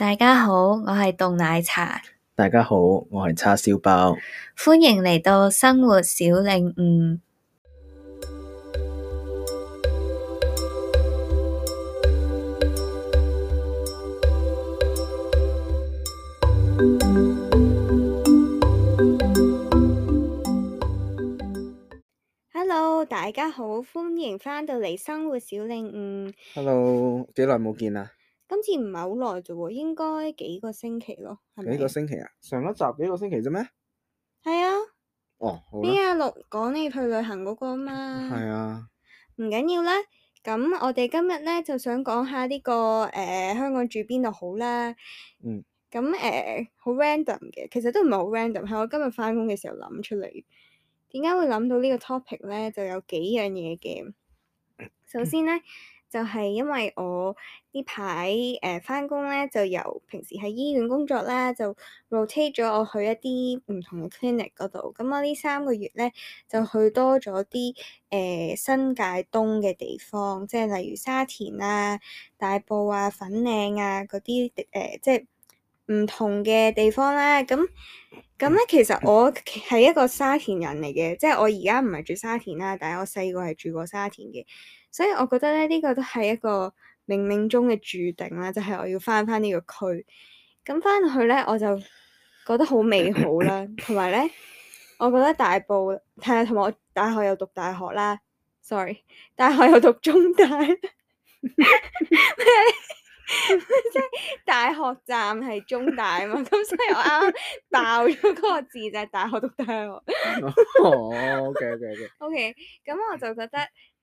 大家好，我係凍奶茶。大家好，我係叉燒包。歡迎嚟到生活小領悟。Hello，大家好，歡迎返到嚟生活小領悟。Hello，幾耐冇見啦？今次唔係好耐啫喎，應該幾個星期咯，係咪？幾個星期啊？上一集幾個星期啫咩？係啊。哦，B 啊六講你去旅行嗰個啊嘛。係啊。唔緊要啦，咁我哋今日咧就想講下呢、這個誒、呃、香港住邊度好咧。嗯。咁誒，好、呃、random 嘅，其實都唔係好 random，係我今日返工嘅時候諗出嚟。點解會諗到呢個 topic 咧？就有幾樣嘢嘅。首先咧。 就係因為我、呃、呢排誒翻工咧，就由平時喺醫院工作啦，就 rotate 咗我去一啲唔同嘅 clinic 嗰度。咁我呢三個月咧，就去多咗啲誒新界東嘅地方，即係例如沙田啦、啊、大埔啊、粉嶺啊嗰啲誒，即係唔同嘅地方啦。咁咁咧，其實我係一個沙田人嚟嘅，即係我而家唔係住沙田啦，但係我細個係住過沙田嘅。所以我覺得咧呢、這個都係一個冥冥中嘅注定啦，就係、是、我要返返呢個區。咁返去咧，我就覺得好美好啦。同埋咧，我覺得大埔，睇下同埋我大學又讀大學啦。Sorry，大學又讀中大咩？即 係 大學站係中大啊嘛。咁所以我啱爆咗嗰個字就係、是、大學讀大學。哦、 oh，OK OK OK。OK，咁我就覺得。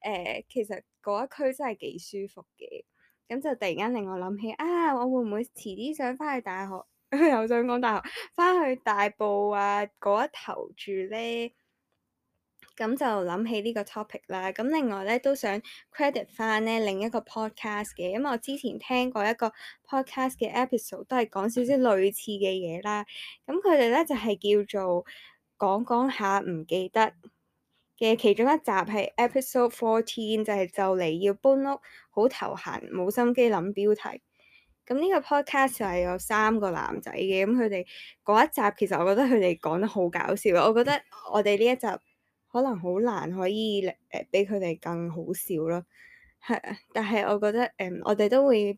誒，其實嗰一區真係幾舒服嘅，咁就突然間令我諗起啊，我會唔會遲啲想翻去大學？又 想講大學，翻去大埔啊嗰一頭住呢，咁就諗起呢個 topic 啦。咁另外呢，都想 credit 翻呢另一個 podcast 嘅，因為我之前聽過一個 podcast 嘅 episode 都係講少少類似嘅嘢啦。咁佢哋呢，就係、是、叫做講講下，唔記得。嘅其中一集係 episode fourteen，就係就嚟要搬屋，好頭痕，冇心機諗標題。咁呢個 podcast 係有三個男仔嘅，咁佢哋嗰一集其實我覺得佢哋講得好搞笑，我覺得我哋呢一集可能好難可以誒俾佢哋更好笑咯。係，但係我覺得誒、呃，我哋都會。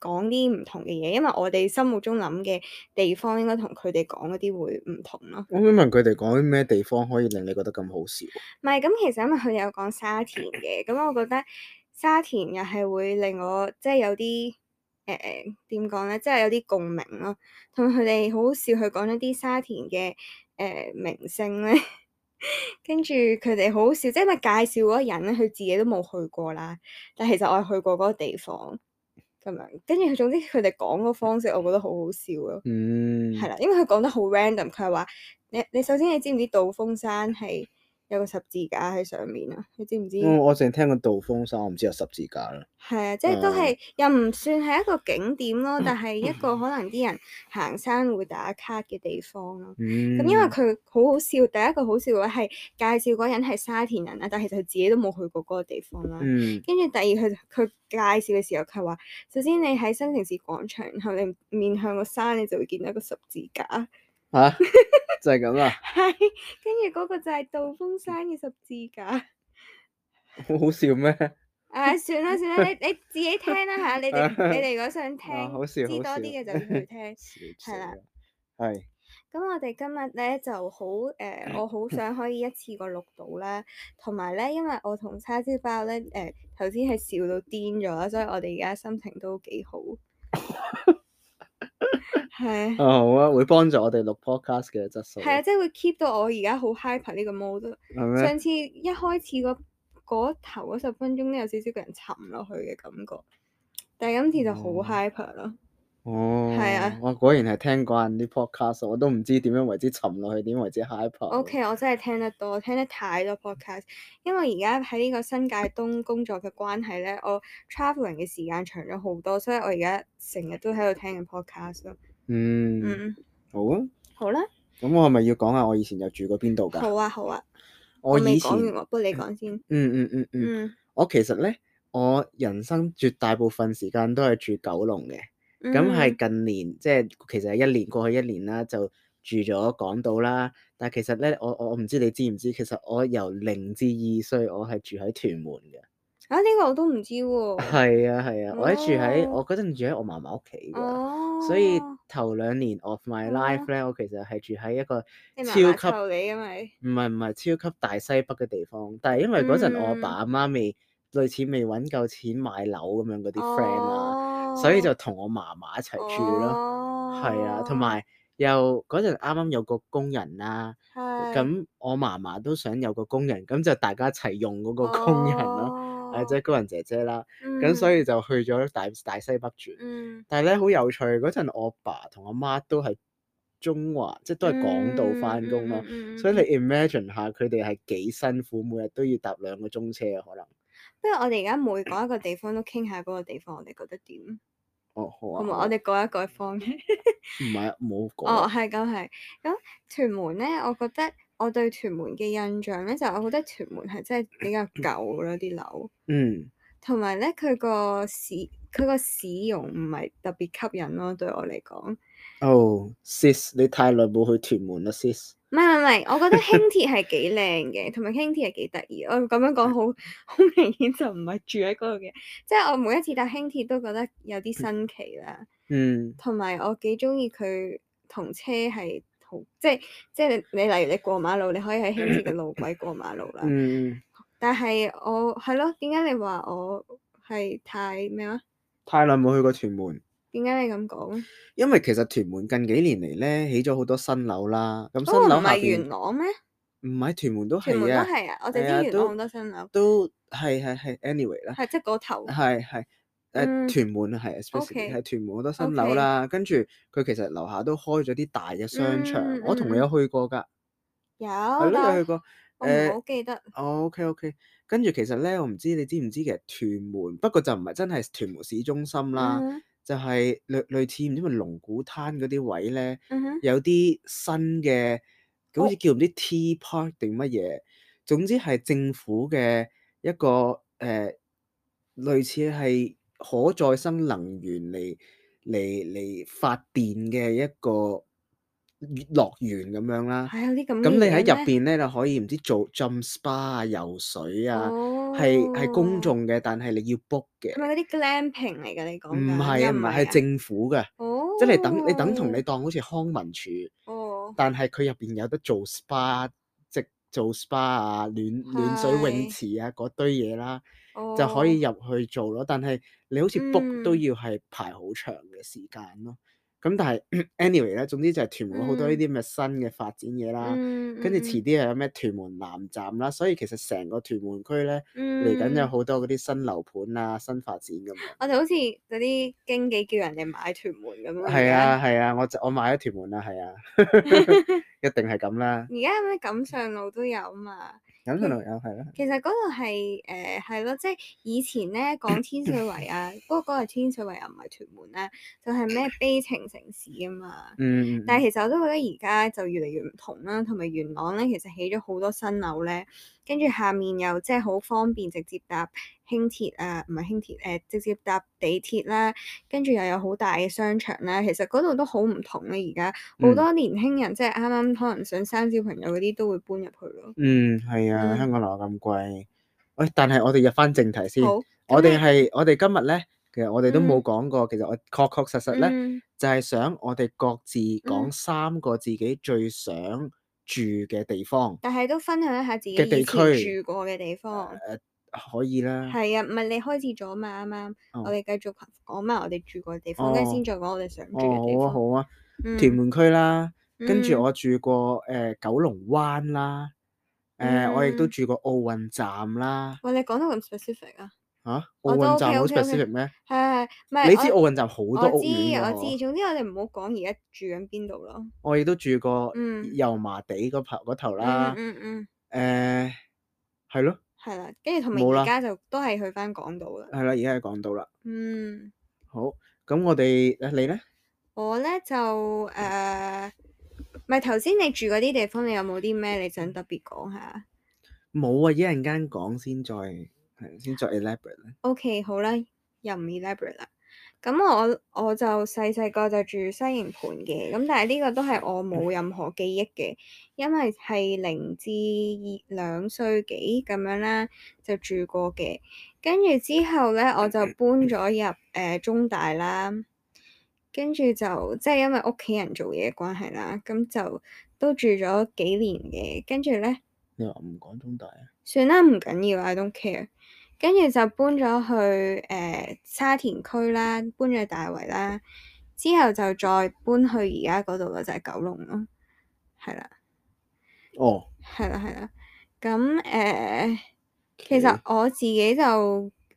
講啲唔同嘅嘢，因為我哋心目中諗嘅地方應該同佢哋講嗰啲會唔同咯。我會問佢哋講啲咩地方可以令你覺得咁好笑？唔係，咁其實因為佢有講沙田嘅，咁我覺得沙田又係會令我即係有啲誒點講咧，即係有啲、呃、共鳴咯。同佢哋好好笑，佢講咗啲沙田嘅誒、呃、明星咧，跟住佢哋好好笑，即係因為介紹嗰個人咧，佢自己都冇去過啦，但其實我係去過嗰個地方。咁樣，跟住，佢總之佢哋講嘅方式，我覺得好好笑咯。嗯，係啦，因為佢講得好 random，佢係話，你你首先你知唔知杜峰山係？有個十字架喺上面啊，你知唔知嗯？我淨係聽過道風山，我唔知有十字架啦。係啊，即係都係、嗯、又唔算係一個景點咯，但係一個可能啲人行山會打卡嘅地方咯。咁、嗯、因為佢好好笑，第一個好笑嘅係介紹嗰人係沙田人啊，但係其實佢自己都冇去過嗰個地方啦。跟住、嗯、第二佢佢介紹嘅時候，佢話首先你喺新城市廣場，然後你面向個山，你就會見到一個十字架。吓、啊，就係、是、咁啊！係，跟住嗰個就係道風山嘅十字架 ，好好笑咩？誒、 啊，算啦算啦，你你自己聽啦吓，啊啊、你哋你哋如果想聽、啊、好笑好笑知多啲嘅就去聽，係 啦，係是。咁我哋今日咧就好誒、呃，我好想可以一次過錄到啦。同埋咧，因為我同叉燒包咧誒，頭先係笑到癲咗，所以我哋而家心情都幾好。 係 、啊、哦好啊，會幫助我哋錄 podcast 嘅質素。係啊，即係會 keep 到我而家好 hyper 呢個 mode。嗎上次一開始嗰、那、嗰、個、頭嗰十分鐘都有少少個人沉落去嘅感覺，但係今次就好 hyper 咯。哦。哦，係啊，我、哦、果然係聽慣啲、這個、podcast，我都唔知點樣為之沉落去，點為之 hip。OK，我真係聽得多，聽得太多 podcast。因為而家喺呢個新界東工作嘅關係咧，我 traveling 嘅時間長咗好多，所以我而家成日都喺度聽緊 podcast 咯。嗯嗯，嗯好啊，好啦。咁我係咪要講下我以前就住過邊度㗎？好啊，好啊。我以前，我未講完，不如你講先。嗯嗯嗯嗯，嗯嗯嗯嗯我其實咧，我人生絕大部分時間都係住九龍嘅。咁係近年，即、就、係、是、其實係一年過去一年啦，就住咗港島啦。但係其實咧，我我唔知你知唔知，其實我由零至二歲，我係住喺屯門嘅。啊，呢、這個我都唔知喎、啊。係啊係啊，我喺住喺、哦、我嗰陣住喺我嫲嫲屋企㗎，哦、所以頭兩年 of my life 咧、哦，我其實係住喺一個超級你嘅咪，唔係唔係超級大西北嘅地方。但係因為嗰陣我阿爸阿媽未、嗯、類似未揾夠錢買樓咁樣嗰啲 friend 啊。所以就同我嫲嫲一齊住咯，係、哦、啊，同埋又嗰陣啱啱有個工人啦、啊，咁是我嫲嫲都想有個工人，咁就大家一齊用嗰個工人咯、啊，或者工人姐姐啦，咁、嗯、所以就去咗大大西北住。嗯、但係咧好有趣，嗰陣我爸同我阿媽都係中華，即、就、係、是、都係港島翻工咯，嗯嗯嗯、所以你 imagine 下佢哋係幾辛苦，每日都要搭兩個鐘車嘅可能。不如我哋而家每講一個地方都傾下嗰個地方，我哋覺得點？哦，好啊。同埋我哋改一改方。唔係啊，冇講。哦，係咁係。咁屯門咧，我覺得我對屯門嘅印象咧，就我覺得屯門係真係比較舊咯，啲 樓。嗯。同埋咧，佢個市佢個市容唔係特別吸引咯，對我嚟講。哦、oh，Sis，你太耐冇去屯門啦，Sis。唔係唔係，我覺得輕鐵係幾靚嘅，同埋輕鐵係幾得意。我咁樣講好好明顯就唔係住喺嗰度嘅，即係我每一次搭輕鐵都覺得有啲新奇啦。嗯，同埋我幾中意佢同車係好，即係即係你例如你過馬路，你可以喺輕鐵嘅路軌過馬路啦。嗯，但係我係咯，點解你話我係太咩呀？太耐冇去過屯門。點解你咁講？因為其實屯門近幾年嚟咧起咗好多新樓啦。咁新樓咪元朗咩？唔係屯門都係啊，我哋啲元朗好多新樓都係係係。anyway 啦，係即係嗰頭係係誒屯門啊，係，especially 係屯門好多新樓啦。跟住佢其實樓下都開咗啲大嘅商場，我同你有去過㗎，有係咯，你去過誒？我唔好記得。O K O K。跟住其實咧，我唔知你知唔知其實屯門不過就唔係真係屯門市中心啦。就係類類似唔知咩龍鼓灘嗰啲位咧，uh huh. 有啲新嘅，好似叫唔知 T Park 定乜嘢，總之係政府嘅一個誒、呃，類似係可再生能源嚟嚟嚟發電嘅一個。樂園咁樣啦，咁、哎、你喺入邊咧就可以唔知做浸 SPA 啊、游水啊，係係、oh. 公眾嘅，但係你要 book 嘅。係咪嗰啲 glamping 嚟㗎？你講唔係啊，唔係，係政府嘅，oh. 即係等你等同你,你當好似康文署，oh. 但係佢入邊有得做 SPA、即做 SPA 啊、暖暖水泳池啊嗰堆嘢啦，oh. 就可以入去做咯。但係你好似 book 都要係排好長嘅時間咯。Mm. 咁但係，anyway 咧，總之就係屯門好多呢啲咁嘅新嘅發展嘢啦，跟住遲啲又有咩屯門南站啦，所以其實成個屯門區咧嚟緊有好多嗰啲新樓盤啊，新發展噶。我哋好似嗰啲經紀叫人哋買屯門咁啊。係啊係啊，我就我買咗屯門、啊、 啦，係啊，一定係咁啦。而家有咩錦上路都有啊嘛。嗯、其實嗰個係誒係咯，即係以前咧講天水圍啊，不過嗰個天水圍又唔係屯門啦、啊，就係、是、咩悲情城市啊嘛。嗯。但係其實我都覺得而家就越嚟越唔同啦，同埋元朗咧，其實起咗好多新樓咧，跟住下面又即係好方便直接搭輕鐵啊，唔係輕鐵，誒，直接搭地鐵啦，跟住又有好大嘅商場啦，其實嗰度都好唔同啊！而家好多年輕人，嗯、即係啱啱可能想生小朋友嗰啲，都會搬入去咯。嗯，係啊，嗯、香港樓咁貴。喂，但係我哋入翻正題先。好。我哋係我哋今日咧，其實我哋都冇講過，嗯、其實我確確實實咧，嗯、就係想我哋各自講三個自己最想住嘅地方。嗯嗯、但係都分享一下自己以前住過嘅地方。嗯嗯可以啦，係啊，唔係你開始咗嘛，啱啱。我哋繼續講，咁啊我哋住過嘅地方，跟住先再講我哋想住嘅地方。哦，好啊，屯門區啦，跟住我住過誒九龍灣啦，誒我亦都住過奧運站啦。喂，你講得咁 specific 啊？吓，奧運站好 specific 咩？係係，唔係你知奧運站好多屋苑。我知嘅，我知。總之我哋唔好講而家住緊邊度咯。我亦都住過油麻地嗰頭啦。嗯嗯。誒，係咯。係啦，跟住同埋而家就都係去翻港島啦。係啦，而家係港島啦。嗯。好，咁我哋你咧？我咧就誒，咪頭先你住嗰啲地方，你有冇啲咩你想特別講下？冇啊，一陣間講先，再係先再 elaborate 咧。OK，好啦，又唔 elaborate 啦。咁我我就細細個就住西營盤嘅，咁但係呢個都係我冇任何記憶嘅，因為係零至兩歲幾咁樣啦就住過嘅，跟住之後咧我就搬咗入誒、呃、中大啦，跟住就即係、就是、因為屋企人做嘢關係啦，咁就都住咗幾年嘅，跟住咧你話唔講中大啊？算啦，唔緊要，I don't care。跟住就搬咗去誒、呃、沙田區啦，搬咗大圍啦，之後就再搬去而家嗰度咯，就係、是、九龍咯，係啦，哦，係啦係啦，咁誒、呃，其實我自己就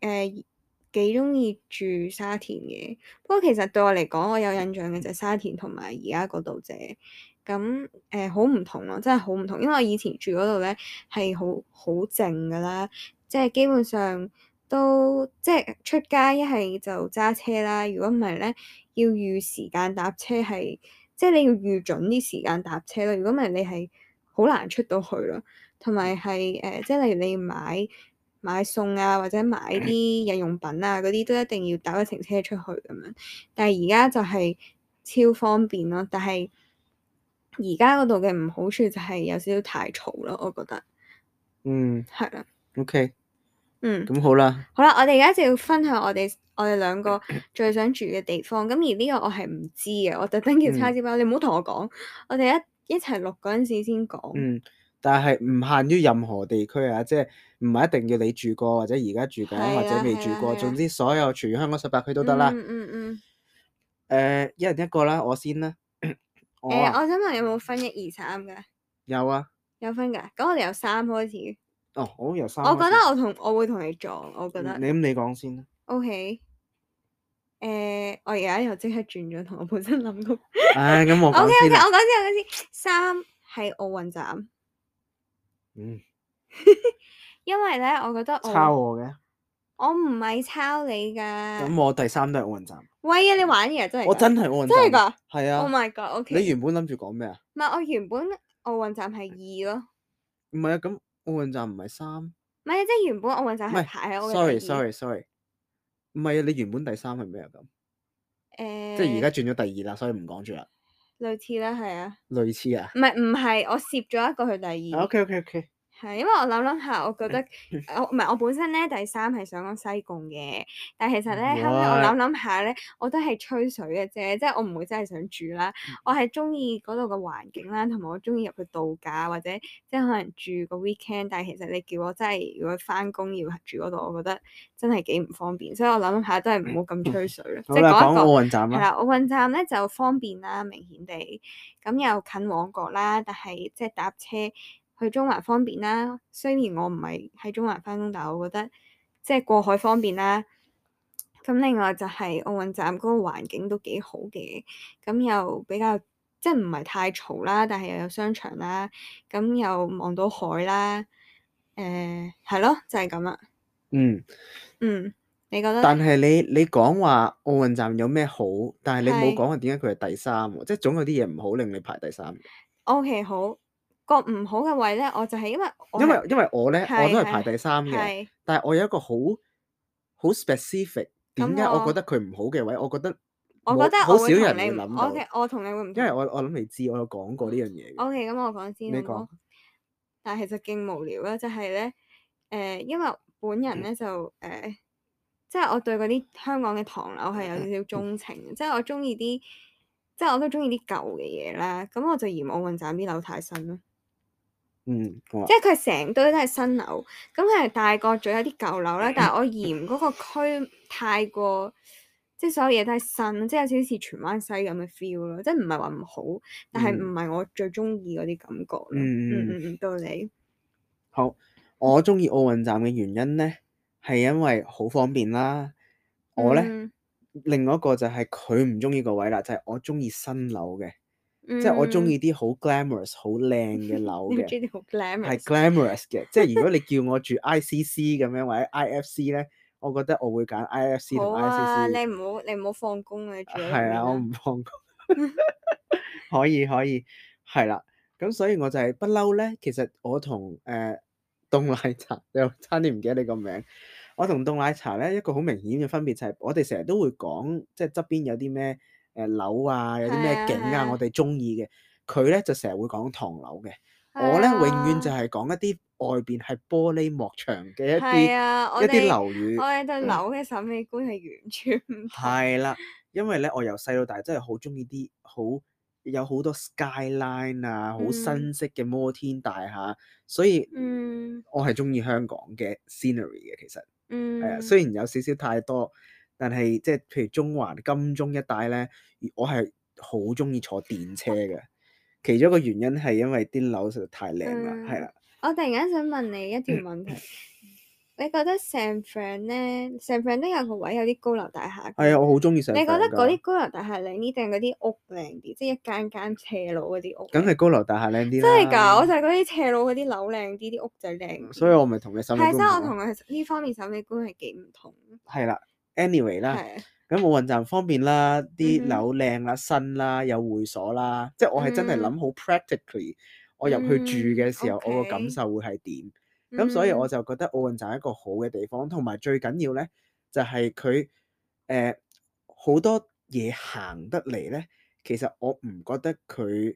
誒幾中意住沙田嘅，不過其實對我嚟講，我有印象嘅就係沙田、呃、同埋而家嗰度啫，咁誒好唔同咯，真係好唔同，因為我以前住嗰度咧係好好靜㗎喇。即係基本上都即係出街一係就揸車啦，如果唔係咧，要預時間搭車係，即係你要預準啲時間搭車咯。如果唔係你係好難出到去咯。同埋係誒，即係例如你買買餸啊，或者買啲日用品啊嗰啲，都一定要打一程車出去咁樣。但係而家就係超方便咯。但係而家嗰度嘅唔好處就係有少少太嘈咯，我覺得。嗯，係啦，OK。嗯，咁好啦，好啦，我哋而家就要分享我哋我哋兩個最想住嘅地方。咁而呢個我係唔知嘅，我特登叫叉燒包，你唔好同我講。我哋一一齊錄嗰陣時先講。嗯，但係唔限於任何地區啊，即係唔係一定要你住過或者而家住緊或者未住過，總之所有全香港十八區都得啦。嗯嗯嗯。誒，一人一個啦，我先啦。誒，我想問有冇分一二三噶？有啊，有分噶，咁我哋由三開始。哦，好，由三。我覺得我同我會同你撞，我覺得。你咁，你講先啦。O K，誒，我而家又即刻轉咗同我本身諗個。哎，咁我。O K，O K，我講先，我講先。三係奧運站。嗯。因為咧，我覺得。我抄我嘅。我唔係抄你噶。咁我第三都係奧運站。喂，啊！你玩嘢真係。我真係奧運。真係噶。係啊。Oh my god！O K。你原本諗住講咩啊？唔係，我原本奧運站係二咯。唔係啊，咁。奧運站唔係三，唔係啊，即係原本奧運站係排喺奧運。Sorry，sorry，sorry，唔係啊，你原本第三係咩啊咁？誒，uh, 即係而家轉咗第二啦，所以唔講住啦。類似啦，係啊。類似啊。唔係唔係，我攝咗一個去第二。OK，OK，OK。係，因為我諗諗下，我覺得 我唔係我本身咧，第三係想講西貢嘅，但係其實咧後尾我諗諗下咧，我都係吹水嘅啫，即係我唔會真係想住啦，我係中意嗰度嘅環境啦，同埋我中意入去度假或者即係可能住個 weekend，但係其實你叫我真係如果翻工要住嗰度，我覺得真係幾唔方便，所以我諗諗下都係唔好咁吹水咯。即係 講一個係啦，奧 運站咧、啊、就方便啦，明顯地咁又近旺角啦，但係即係搭車。去中環方便啦，雖然我唔係喺中環返工，但係我覺得即係過海方便啦。咁另外就係奧運站嗰個環境都幾好嘅，咁又比較即係唔係太嘈啦，但係又有商場啦，咁又望到海啦。誒，係咯，就係咁啦。嗯嗯，你覺得你？但係你你講話奧運站有咩好，但係你冇講話點解佢係第三喎？即係總有啲嘢唔好令你排第三。OK，好。個唔好嘅位咧，我就係因為因為因為我咧，我,呢是我都排第三嘅，是但係我有一個好好 specific，點解我,我覺得佢唔好嘅位？我覺得我覺得好少人會諗。O K，我同你會唔同，因為我我諗你知，我有講過呢樣嘢。O K，咁我講先。你講說，但係其實勁無聊啦，就係、是、咧，誒、呃，因為本人咧就誒，即、呃、係、就是、我對嗰啲香港嘅唐樓係有少少鐘情，即係、嗯嗯、我中意啲，即、就、係、是、我都中意啲舊嘅嘢啦，咁我就嫌奧運站啲樓太新啦。嗯，即係佢成堆都係新樓，咁佢係大角咀有啲舊樓啦。但係我嫌嗰個區太過， 即係所有嘢都係新，即係有少少似荃灣西咁嘅 feel 咯。即係唔係話唔好，但係唔係我最中意嗰啲感覺咯。嗯嗯嗯嗯，到你。好，我中意奧運站嘅原因咧，係因為好方便啦。我咧，嗯、另外一個就係佢唔中意個位啦，就係、是、我中意新樓嘅。嗯、即係我中意啲好 glamorous、好靚嘅樓嘅，係 glamorous 嘅。即係如果你叫我住 ICC 咁樣 或者 IFC 咧，我覺得我會揀 IFC 同 ICC。好你唔好你唔好放工啊，住係啊，我唔放工。可以可以，係啦、啊。咁所以我就係不嬲咧。其實我同誒、呃、凍奶茶有差啲唔記得你個名。我同凍奶茶咧一個好明顯嘅分別就係，我哋成日都會講，即係側邊有啲咩，誒樓啊，有啲咩景啊，啊我哋中意嘅，佢咧就成日會講唐樓嘅。啊、我咧永遠就係講一啲外邊係玻璃幕牆嘅一啲、啊、一啲樓宇。我哋對樓嘅審美觀係完全唔同嘅，因為咧我由細到大真係好中意啲好有好多 skyline 啊，好新式嘅摩天大廈，嗯、所以、嗯、我係中意香港嘅 scenery 嘅其實係啊，雖然有少少太多。但係即係譬如中環、金鐘一帶咧，我係好中意坐電車嘅。其中一個原因係因為啲樓實在太靚啦，係啦。我突然間想問你一條問題，你覺得 San Fran 咧，San Fran 都有個位有啲高樓大廈？係啊，我好中意 San。你覺得嗰啲高樓大廈靚呢？定係嗰啲屋靚啲？即係一間間斜路嗰啲屋。梗係高樓大廈靚啲啦。真係噶，我就係嗰啲斜路嗰啲樓靚啲，啲屋仔靚。所以我咪同你審美觀唔同。我同佢呢方面審美觀係幾唔同。係啦。anyway 啦的，咁奧運站方便啦，啲樓靚啦、新啦、有會所啦，即係我係真係諗好 practically，我入去住嘅時候，嗯、okay, 我個感受會係點？咁、嗯嗯、所以我就覺得奧運站係一個好嘅地方，同埋最緊要咧就係佢誒好多嘢行得嚟咧，其實我唔覺得佢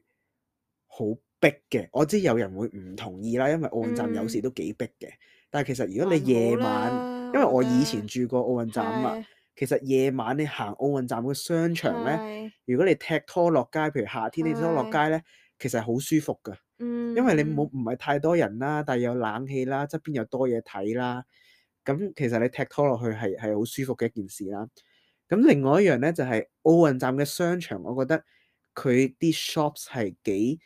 好逼嘅。我知有人會唔同意啦，因為奧運站有時都幾逼嘅，但係其實如果你夜晚。嗯嗯。因為我以前住過奧運站啊嘛，的其實夜晚你行奧運站個商場咧，的如果你踢拖落街，譬如夏天你踢拖落街咧，的其實好舒服噶。嗯的，因為你冇唔係太多人啦，但係有冷氣啦，側邊又多嘢睇啦，咁其實你踢拖落去係係好舒服嘅一件事啦。咁另外一樣咧就係、是、奧運站嘅商場，我覺得佢啲 shops 係幾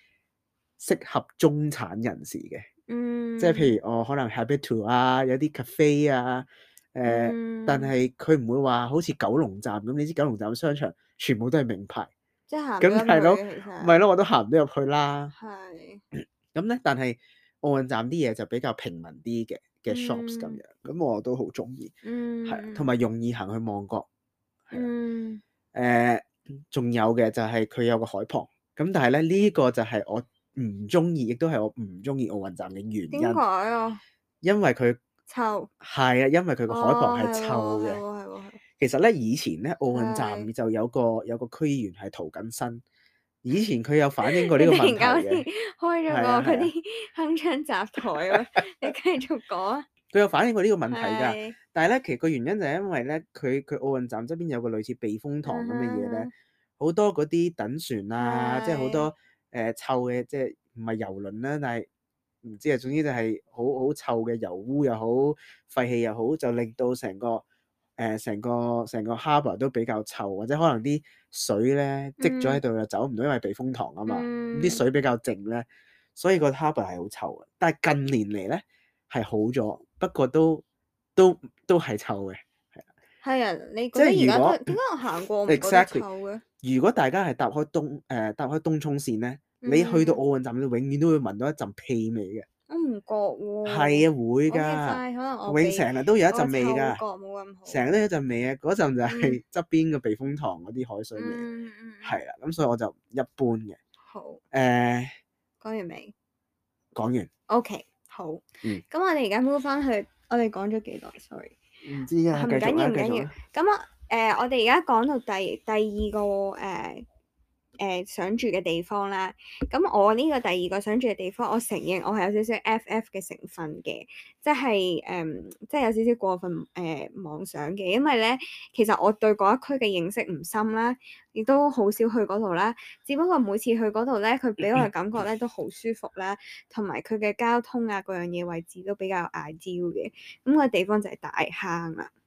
適合中產人士嘅。嗯，即係譬如我可能 habitual 啊，有啲 cafe 啊，誒、呃，嗯、但係佢唔會話好似九龍站咁，你知九龍站商場全部都係名牌，即係行唔到入去。咁係咯，咪咯、嗯就是，我都行唔到入去啦。係是，咁咧、嗯，嗯、但係奧運站啲嘢就比較平民啲嘅嘅 shops 咁樣，咁我都好中意。嗯，係，同埋容易行去望角。嗯，誒、嗯，仲、嗯嗯嗯、有嘅就係佢有個海旁。咁但係咧呢、呢個就係我。唔中意，亦都係我唔中意奧運站嘅原因。點解啊？因為佢臭，係啊，因為佢個海旁係臭嘅。其實咧，以前咧奧運站就有個有個區議員係涂緊身。以前佢有反映過呢個問題嘅。開咗個佢啲鏗鏘集台喎，你繼續講啊。佢有反映過呢個問題噶，但係咧，其實個原因就係因為咧，佢佢奧運站側邊有個類似避風塘咁嘅嘢咧，好多嗰啲等船啊，即係好多。誒、呃、臭嘅，即係唔係油輪啦，但係唔知啊。總之就係好好臭嘅油污又好，廢氣又好，就令到成個誒成、呃、個成個 harbour 都比較臭，或者可能啲水咧積咗喺度又走唔到，因為避風塘啊嘛，啲、嗯、水比較靜咧，所以個 harbour 係好臭嘅。但係近年嚟咧係好咗，不過都都都係臭嘅，係啊。係啊，你覺得而家點解我行過唔覺得臭嘅？Exactly 如果大家係搭開東誒、搭開東涌綫咧，你去到奧運站，你永遠都會聞到一陣屁味嘅。我唔覺喎。係啊，會噶咁可能我成日都有一陣味噶成日都有一陣味啊，嗰陣就係側邊個避風塘嗰啲海水味。嗯嗯。係啦，咁所以我就一般嘅。好。誒，講完未？講完。OK，好。嗯。咁我哋而家 move 翻去，我哋講咗幾耐？Sorry。唔知啊，繼續啊，繼續要繼續啊。咁啊。誒、呃，我哋而家講到第第二個誒誒、呃呃、想住嘅地方啦。咁我呢個第二個想住嘅地方，我承認我係有少少 FF 嘅成分嘅，即係誒、呃，即係有少少過分誒、呃、妄想嘅。因為咧，其實我對嗰一區嘅認識唔深啦，亦都好少去嗰度啦。只不過每次去嗰度咧，佢俾我嘅感覺咧都好舒服啦，同埋佢嘅交通啊，各樣嘢位置都比較嗌焦嘅。咁、那個地方就係大坑啦，啊。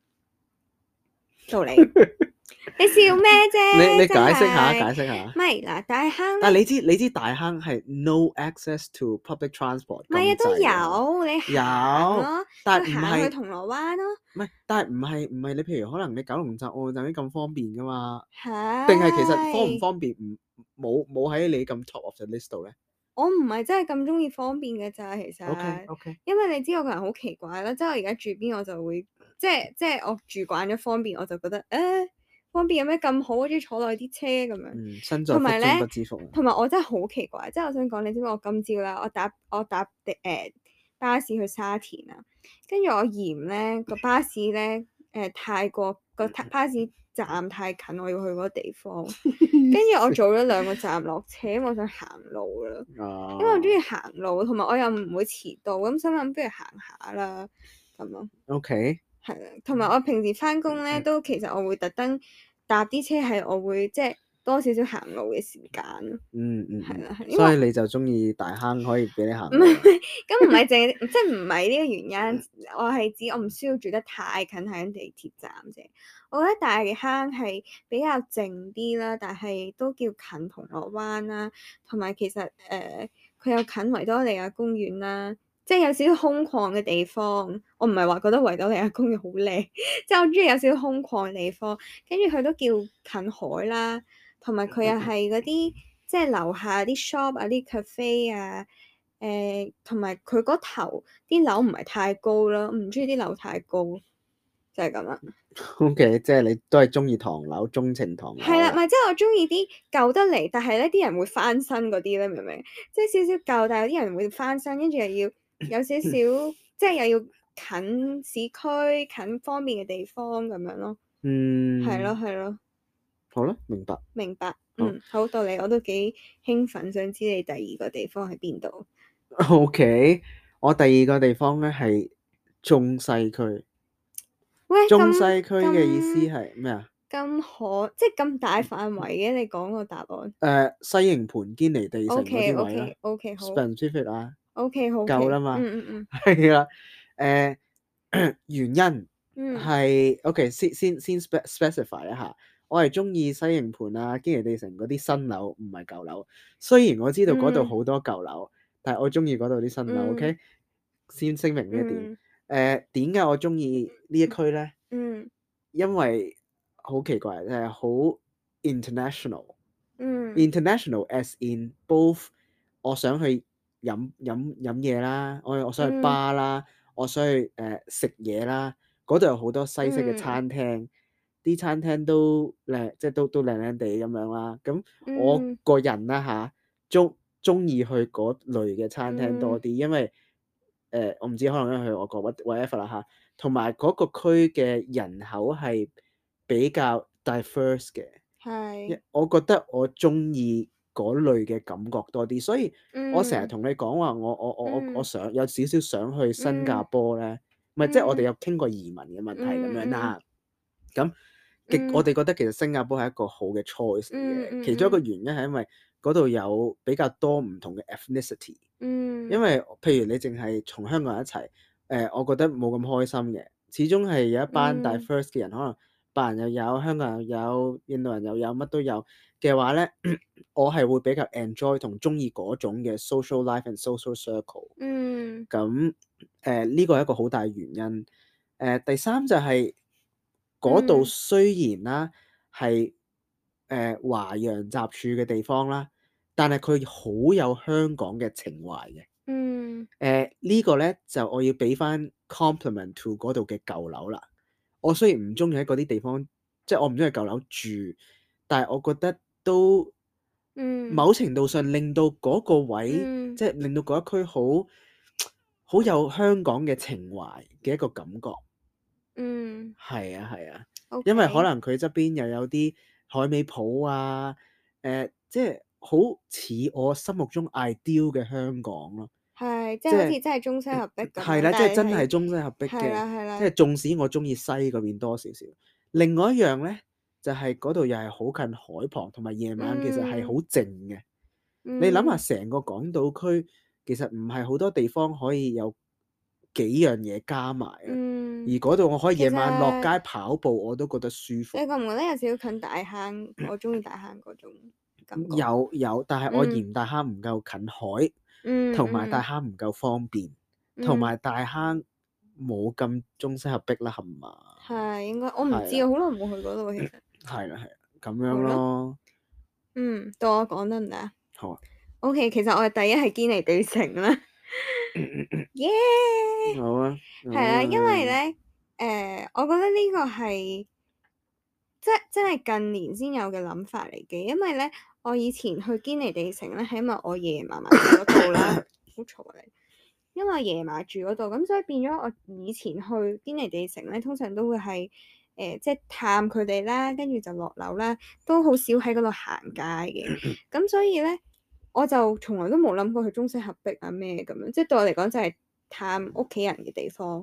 你笑咩啫？你你解釋下，解釋下。唔係嗱，大坑。但你知你知大坑係 no access to public transport 不。唔係啊，都有你有，但係行去銅鑼灣咯。唔係，但係唔係唔係你，譬如可能你九龍站或者咁方便噶嘛。吓是。定係其實方唔方便？唔冇冇喺你咁 top of the list 度咧。我唔係真係咁中意方便嘅咋，其實。OK OK。因為你知道個人好奇怪啦，即係我而家住邊，我就會。即係即係我住慣咗方便，我就覺得誒、啊、方便有咩咁好？好似意坐耐啲車咁樣，同埋咧，同埋我真係好奇怪。即係我想講，你知唔知我今朝啦？我搭我搭誒、呃、巴士去沙田啊，跟住我嫌咧個巴士咧誒太過個巴士站太近，我要去嗰個地方。跟住 我早咗兩個站落車，我想行路啦，哦、因為我中意行路，同埋我又唔會遲到，咁想諗不，不如行下啦咁咯。OK。係啦，同埋我平時翻工咧，都其實我會特登搭啲車，係我會即係、就是、多少少行路嘅時間、嗯。嗯嗯，係啦的，所以你就中意大坑可以俾你行。唔係，咁唔係淨，即係唔係呢個原因。我係指我唔需要住得太近喺地鐵站啫。我覺得大坑係比較靜啲啦，但係都叫近銅鑼灣啦，同埋其實誒，佢有近維多利亞公園啦。即係有少少空曠嘅地方，我唔係話覺得維多利亞公園好靚，即係我中意有少少空曠嘅地方。跟住佢都叫近海啦，同埋佢又係嗰啲即係樓下啲 shop 啊、啲 cafe 啊，誒同埋佢嗰頭啲樓唔係太高囉，唔中意啲樓太高，就係咁啦。OK，即係你都係中意唐樓、鍾情唐樓，啊。係啦，咪即係我中意啲舊得嚟，但係咧啲人會翻新嗰啲咧，明唔明？即係少少舊，但有啲人會翻新，跟住又要。 有少少，即係又要近市區、近方便嘅地方咁樣咯。嗯，係咯，係咯。好啦，明白。明白，嗯，好到你，我都幾興奮，想知你第二個地方喺邊度。OK，我第二個地方咧係中西區。喂，中西區嘅意思係咩啊？咁可，即係咁大範圍嘅，你講個答案。誒，uh, 西營盤堅尼地城嗰啲位啦。OK, okay, okay, 好。Specific 啊。O.K. 好、okay. 夠啦嘛，嗯嗯嗯，係啦，誒，原因係 O.K. 先先先 specify 一下，我係中意西營盤啊、堅尼地城嗰啲新樓唔係舊樓，雖然我知道嗰度好多舊樓，mm hmm. 但係我中意嗰度啲新樓，O.K.、Mm hmm. 先聲明呢一點。誒點解我中意呢一區咧？嗯、mm，hmm. 因為好奇怪，就係、是、好 international，嗯、mm hmm.，international as in both，我想去。飲飲飲嘢啦，我我想去巴啦，我想去誒食嘢啦。嗰度有好多西式嘅餐廳，啲、嗯、餐廳都靚，即係都都靚靚地咁樣啦。咁我個人啦吓鍾鍾意去嗰類嘅餐廳多啲，嗯、因為誒、呃、我唔知可能因為去我個 whatever 啦、啊、吓，同埋嗰個區嘅人口係比較 diverse 嘅，嗯、係我覺得我鍾意，嗰類嘅感覺多啲，所以我成日同你講話，我我我我我，我想有少少想去新加坡咧，唔係即係我哋有傾過移民嘅問題咁樣啦。咁嘅、嗯啊、我哋覺得其實新加坡係一個好嘅 choice 嘅，其中一個原因係因為嗰度有比較多唔同嘅 ethnicity。因為譬如你淨係從香港人一齊，誒、呃，我覺得冇咁開心嘅，始終係有一班 different 嘅人，可能白人又有，香港人又有，印度人又有，乜都有。嘅話咧，我係會比較 enjoy 同中意嗰種嘅 social life and social circle。嗯、mm.。咁、呃、誒，呢個係一個好大原因。誒、呃，第三就係嗰度雖然啦係誒華洋雜處嘅地方啦，但係佢好有香港嘅情懷嘅。嗯、mm. 呃。誒、這個，呢個咧就我要俾翻 compliment to 嗰度嘅舊樓啦。我雖然唔中意喺嗰啲地方，即、就、係、是、我唔中意舊樓住，但係我覺得，都，嗯，某程度上令到嗰個位，嗯、即係令到嗰一區好，好有香港嘅情懷嘅一個感覺。嗯，係啊，係啊。啊 okay，因為可能佢側邊又有啲海味鋪啊，誒、呃，即係好似我心目中 ideal 嘅香港咯。係，即係好似真係中西合璧。係啦、嗯，即係真係中西合璧嘅。係啦，即係縱使我中意西嗰邊多少少。另外一樣咧。就係嗰度又係好近海旁，同埋夜晚其實係好靜嘅。你諗下，成個港島區其實唔係好多地方可以有幾樣嘢加埋。而嗰度我可以夜晚落街跑步，我都覺得舒服。你覺唔覺得有少近大坑？我中意大坑嗰種感覺。有有，但係我嫌大坑唔夠近海，同埋大坑唔夠方便，同埋大坑冇咁中西合璧啦，係嘛？係應該，我唔知好耐冇去嗰度，其實。係啦，係啦，咁樣咯。嗯，到我講得唔得啊？好啊。O K，其實我哋第一係堅尼地城啦。Yeah。好啊。係啊！因為咧，誒、嗯呃，我覺得呢個係，即係真係近年先有嘅諗法嚟嘅。因為咧，我以前去堅尼地城咧，係因為我爺爺嫲嫲住嗰度啦，好嘈你。因為我爺爺嫲 住嗰度，咁所以變咗我以前去堅尼地城咧，通常都會係。誒、呃、即係探佢哋啦，跟住就落樓啦，都好少喺嗰度行街嘅。咁所以咧，我就從來都冇諗過去中西合璧啊咩咁樣。即係對我嚟講就係探屋企人嘅地方。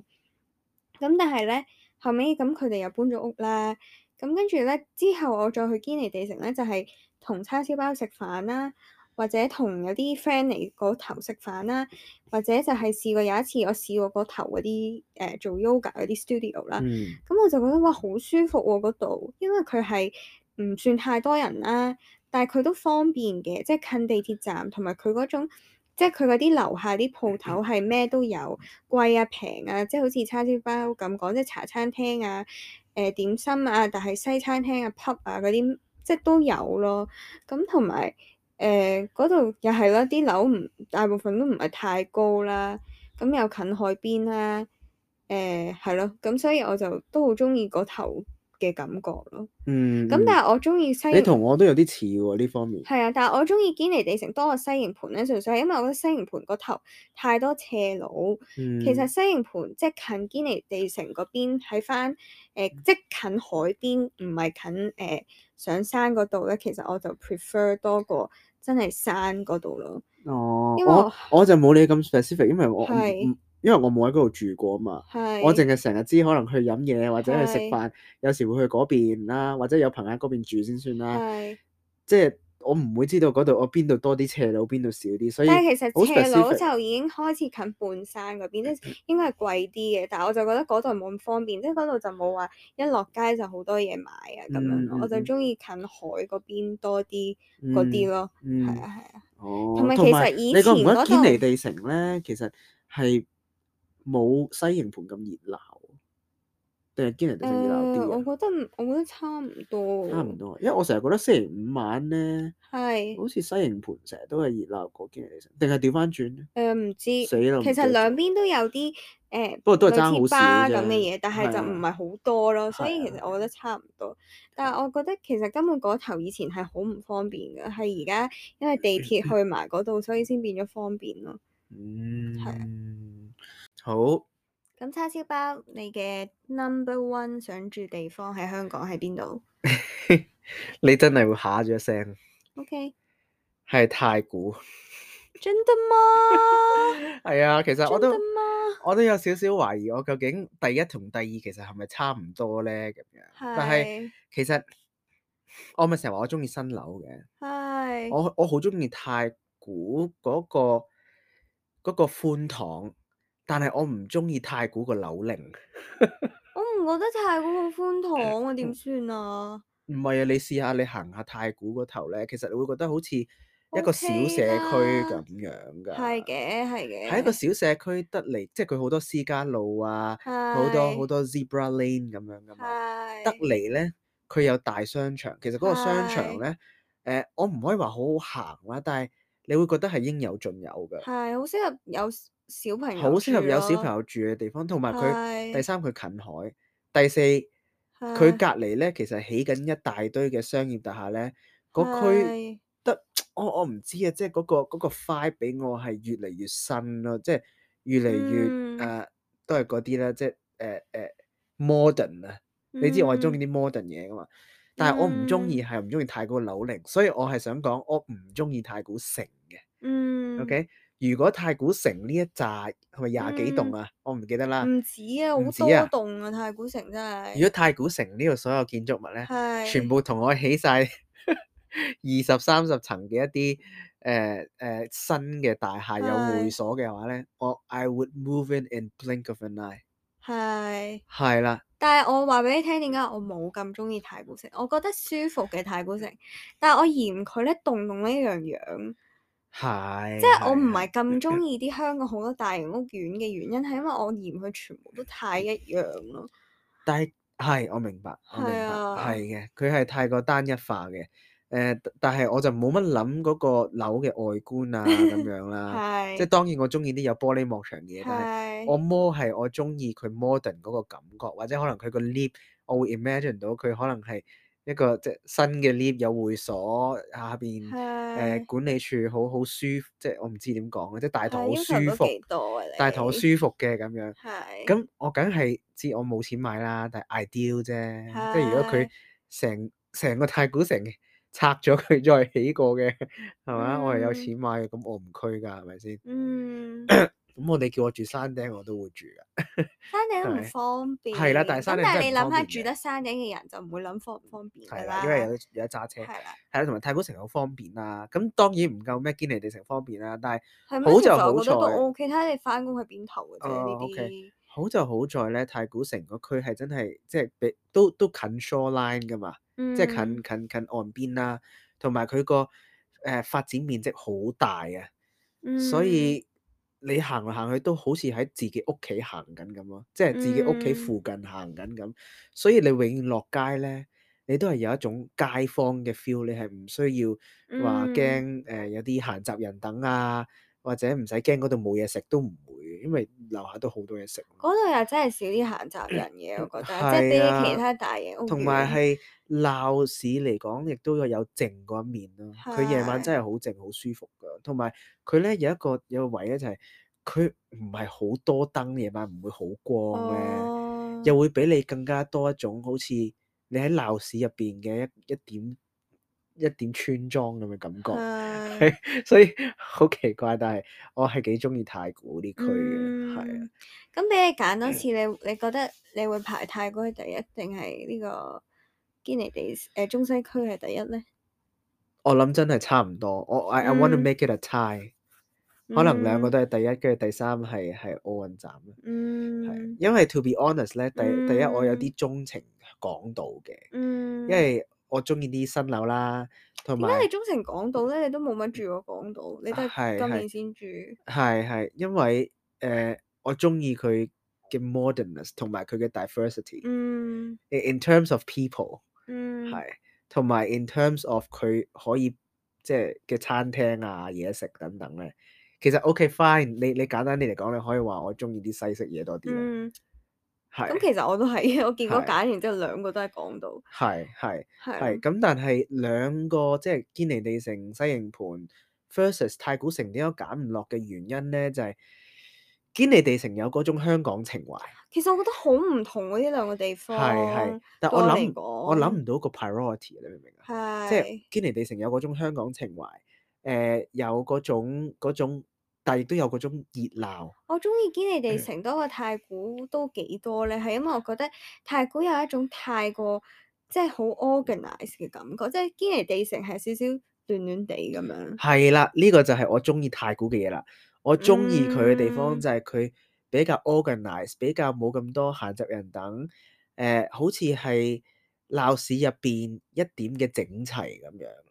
咁但係咧，後尾咁佢哋又搬咗屋啦。咁跟住咧，之後我再去堅尼地城咧就係、是、同叉燒包食飯啦。或者同有啲 friend 嚟嗰頭食飯啦、啊，或者就係試過有一次，我試過嗰頭嗰啲誒做 yoga 嗰啲 studio 啦。咁、嗯、我就覺得哇，好舒服喎嗰度，因為佢係唔算太多人啦、啊，但係佢都方便嘅，即、就、係、是、近地鐵站，同埋佢嗰種即係佢嗰啲樓下啲鋪頭係咩都有，貴啊平啊，即、就、係、是、好似叉燒包咁講，即、就、係、是、茶餐廳啊、誒、呃、點心啊，但係西餐廳啊、pub 啊嗰啲即係都有咯。咁同埋。誒嗰度又係啦，啲樓唔大部分都唔係太高啦，咁又近海邊啦，誒係咯，咁所以我就都好中意嗰頭嘅感覺咯。嗯，咁但係我中意西，你同我都有啲似喎呢方面。係啊，但係我中意堅尼地城多個西營盤咧，純粹係因為我覺得西營盤嗰頭太多斜路。嗯、其實西營盤即係近堅尼地城嗰邊，喺翻誒即近海邊，唔係近誒、呃、上山嗰度咧。其實我就 prefer 多過。真係山嗰度咯，哦，我我就冇你咁 specific，因為我是因為我冇喺嗰度住過啊嘛，是我淨係成日知可能去飲嘢或者去食飯，是有時會去嗰邊啦，或者有朋友喺嗰邊住先算啦，是即係。我唔會知道嗰度我邊度多啲斜路，邊度少啲，所以但係其實斜路就已經開始近半山嗰邊，即係應該係貴啲嘅。但係我就覺得嗰度冇咁方便，即係嗰度就冇話一落街就好多嘢買啊咁樣。嗯嗯、我就中意近海嗰邊多啲嗰啲咯，係啊係啊。啊哦，同埋其實以前你覺得堅尼地城咧，其實係冇西營盤咁熱鬧，定係堅尼地城熱鬧啲？我覺得我覺得差唔多，差唔多。因為我成日覺得星期五晚咧。係，是好似西營盤成日都係熱鬧過堅尼地城，定係調翻轉誒，唔知死啦。了其實兩邊都有啲誒，欸、不過都係爭好少咁嘅嘢，但係就唔係好多咯。的所以其實我覺得差唔多。的但係我覺得其實根本嗰頭以前係好唔方便㗎，係而家因為地鐵去埋嗰度， 所以先變咗方便咯。嗯，係的好。咁叉燒包，你嘅 number one 想住地方喺香港喺邊度？ 你真係會吓咗一聲。O K，係太古，真的嗎？係 啊，其實我都，我都有少少懷疑，我究竟第一同第二其實係咪差唔多咧？咁樣是，但係其實我咪成日話我中意新樓嘅是，我我好中意太古嗰個嗰個寬堂，但係我唔中意太古個樓齡， 我唔覺得太古好寬堂啊，點算啊？ 唔係啊，你試下你行下太古嗰頭咧，其實你會覺得好似一個小社區咁樣噶。係嘅、okay 了，係嘅。喺一個小社區得嚟，即係佢好多私家路啊，好的多好多 Zebra Lane 咁樣噶嘛。得嚟咧，佢有大商場。其實嗰個商場咧，誒的、呃，我唔可以話好好行啦，但係你會覺得係應有盡有㗎。係好適合有小朋友。好適合有小朋友住嘅地方，同埋佢第三佢近海，第四。佢隔籬咧，其實起緊一大堆嘅商業大廈咧，嗰區得的、哦、我我唔知啊，即係嗰、嗰個 i、嗰個 feel 俾我係越嚟越新咯，即係越嚟越誒、嗯啊，都係嗰啲啦，即係誒誒 modern 啊，你知我係中意啲 modern 嘢噶嘛，但係我唔中意係唔中意太古樓齡，嗯、所以我係想講我唔中意太古城嘅，嗯，OK。如果太古城呢一扎係咪廿幾棟啊？嗯、我唔記得啦。唔止啊，好多棟啊！太古城真係。如果太古城呢度所有建築物咧，是全部同我起晒二十三十層嘅一啲誒誒新嘅大廈有會所嘅話咧，是我 I would move in in blink of an eye 是。係。係啦。但係我話俾你聽，點解我冇咁中意太古城？我覺得舒服嘅太古城，但係我嫌佢咧，棟棟呢樣樣。係，是即係我唔係咁中意啲香港好多大型屋苑嘅原因，係 因為我嫌佢全部都太一樣咯。但係係我明白， 我明白係嘅，佢係 太過單一化嘅。誒、呃，但係我就冇乜諗嗰個樓嘅外觀啊，咁樣啦。係 是，即係當然我中意啲有玻璃幕牆嘅嘢，但係我摸係我中意佢 modern 嗰個感覺，或者可能佢個 lift，我會 imagine 到佢可能係。一個即係新嘅 lift，有會所下邊誒的、呃、管理處，好好舒服。即係我唔知點講嘅，即係大堂好舒服，的大堂好舒服嘅咁樣。係的。咁我梗係知我冇錢買啦，但係 ideal 啫。的即係如果佢成成個太古城拆咗佢再起過嘅，係嘛？嗯、我係有錢買嘅，咁我唔屈㗎，係咪先？嗯。咁我哋叫我住山頂，我都會住噶。 山頂唔方便，係啦，但係，山頂但係你諗下住得山頂嘅人就唔會諗方唔方便啦。啦的，的因為有有揸車。係啦的，係啦，同埋太古城好方便啦、啊。咁當然唔夠咩堅尼地城方便啦、啊，但係嗎好就好在。O K，睇下你翻工去邊頭嘅。啫。哦、o、okay、K，好就好在咧，太古城個區係真係即係比都都近 shore line 噶嘛，即係、嗯、近近近,近岸邊啦、啊，同埋佢個誒發展面積好大啊，所以。嗯你行嚟行去都好似喺自己屋企行緊咁咯，即係自己屋企附近行緊咁，mm hmm. 所以你永遠落街咧，你都係有一種街坊嘅 feel，你係唔需要話驚誒有啲閒雜人等啊。或者唔使驚嗰度冇嘢食都唔會，因為樓下都好多嘢食。嗰度又真係少啲閒雜人嘅， 我覺得， 即係比其他大型屋。同埋係鬧市嚟講，亦都有有靜嗰一面咯。佢夜、啊、晚真係好靜，好舒服噶。同埋佢咧有一個有一個位呢就係、是，佢唔係好多燈，夜晚唔會好光嘅，哦、又會俾你更加多一種好似你喺鬧市入邊嘅一一點，點。一點村莊咁嘅感覺，uh, 所以好奇怪，但係我係幾中意太古呢區嘅，係啊、嗯。咁畀你揀多次，嗯、你你覺得你會排太古係第一，定係呢個堅尼地誒中西區係第一咧？我諗真係差唔多，我 I, I want to make it a tie，、嗯、可能兩個都係第一，跟住第三係係奧運站，嗯，係因為 to be honest 咧，第第一,、嗯、第一我有啲鍾情港島嘅，嗯，因為。我中意啲新樓啦，同埋如果你鍾情港島咧，你都冇乜住我港島， 你都係今年先住。係係，因為誒、呃，我中意佢嘅 modernness 同埋佢嘅 diversity。嗯。In terms of people。嗯。係，同埋 in terms of 佢可以即係嘅餐廳啊、嘢食等等咧，其實 OK fine 你。你你簡單啲嚟講你可以話我中意啲西式嘢多啲。嗯。咁是其實我都係，我見過揀完之後兩個都係講到，係係係。咁是但係兩個即係堅尼地城、西營盤 versus 太古城點解揀唔落嘅原因咧，就係堅尼地城有嗰種香港情懷。其實我覺得好唔同嗰啲兩個地方。係係，但係我諗我諗唔到個 priority，你明唔明啊？即係堅尼地城有嗰種香港情懷，誒、呃、有嗰種嗰種。但亦都有嗰種熱鬧。我中意堅尼地城的多過太古都幾多咧，係因為我覺得太古有一種太過即係好 organised 嘅感覺，即係堅尼地城係少少亂亂地咁樣。係啦，呢個就係我中意太古嘅嘢啦。我中意佢嘅地方就係佢比較 organised，比較冇咁多閒雜人等。誒、呃，好似係鬧市入邊一點嘅整齊咁樣。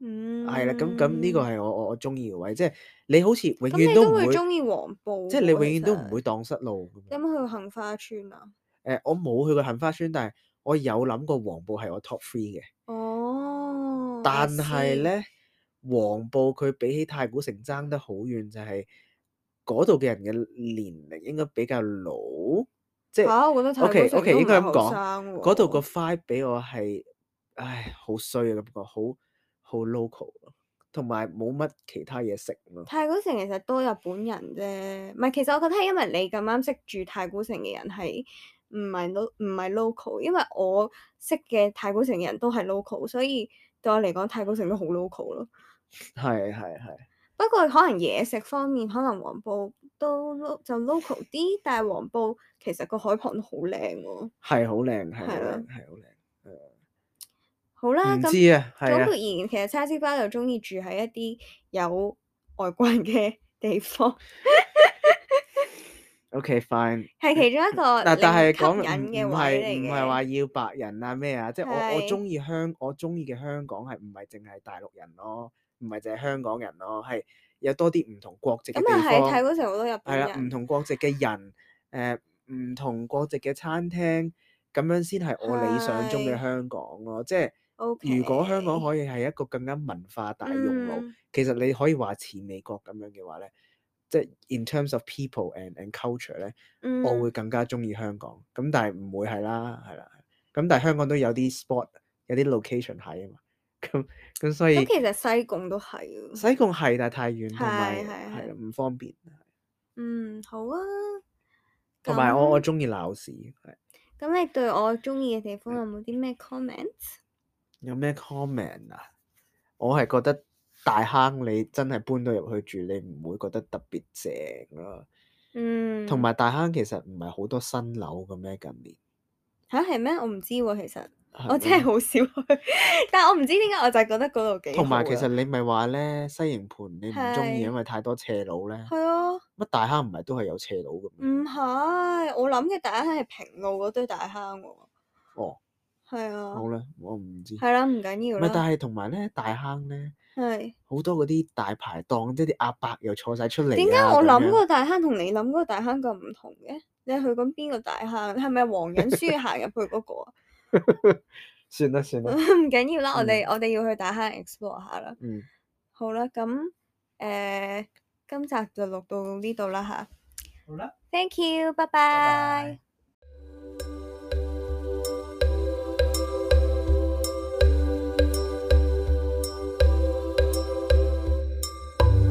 嗯，係啦、啊，咁咁呢個係我我我中意嘅位，即係你好似永遠都唔會中意黃埔，即係你永遠都唔會蕩失路。有冇、嗯、去杏花村啊？誒、哎，我冇去過杏花村，但係我有諗過黃埔係我 top three 嘅。哦。但係咧，黃埔佢比起太古城爭得好遠，就係嗰度嘅人嘅年齡應該比較老。呃、即吓、啊，我覺得太古城 O K O K，應該咁講，嗰度個 five 俾我係，唉，好衰啊，感覺好。好 local 咯，同埋冇乜其他嘢食咯。太古城其實多日本人啫，唔係，其實我覺得係因為你咁啱識住太古城嘅人係唔係 local，唔係 local。係係 lo, local, 因為我識嘅太古城嘅人都係 local，所以對我嚟講，太古城都好 local 咯。係係係。不過可能嘢食方面，可能黃埔都 lo, 就 local 啲，但係黃埔其實個海傍都好靚喎。係好靚，係靚，係好靚，係啦。好啦，知咁、啊啊、總括而言，其實叉燒包就中意住喺一啲有外國人嘅地方。 o、okay, k fine。係其中一個嗱，但係講緊嘅唔係唔係話要白人啊咩啊？是即係我我中意香，我中意嘅香港係唔係淨係大陸人咯、啊？唔係淨係香港人咯、啊？係有多啲唔同國籍。咁啊係睇嗰時好多日本人。係啦、啊，唔同國籍嘅人，誒、呃、唔同國籍嘅餐廳，咁樣先係我理想中嘅香港咯、啊，即係。如果香港可以係一個更加文化大熔爐，其實你可以話似美國咁樣嘅話咧，即係 in terms of people and and culture 咧，我會更加中意香港。咁但係唔會係啦，係啦，咁但係香港都有啲 sport，有啲 location 喺啊嘛。咁咁所以咁其實西貢都係啊。西貢係，但係太遠同埋係係唔方便。嗯，好啊。同埋我我中意鬧市係。咁你對我中意嘅地方有冇啲咩 comment？有咩 comment 啊？我係覺得大坑你真係搬到入去住，你唔會覺得特別正咯、啊？嗯，同埋大坑其實唔係好多新樓嘅咩？近年吓係咩？我唔知喎、啊，其實嗎我真係好少去，但係我唔知點解，我就係覺得嗰度幾好、啊。同埋其實你咪話咧，西營盤你唔中意，因為太多斜路咧。係啊，乜大坑唔係都係有斜路嘅咩？唔係，我諗嘅大坑係平路嗰堆大坑喎、啊。哦。係啊，好啊啦，我唔知，係啦，唔緊要啦。但係同埋咧，大坑咧，係好是多嗰啲大排檔，即係啲阿伯又坐晒出嚟、啊。點解我諗嗰個大坑同你諗嗰個大坑咁唔同嘅？你去緊邊個大坑？係咪黃人舒要行入去嗰、那個啊 算啦算啦，唔緊要啦，我哋我哋要去大坑 explore 下啦。嗯，好啦，咁誒、呃，今集就錄到呢度啦吓。好啦，thank you，拜拜。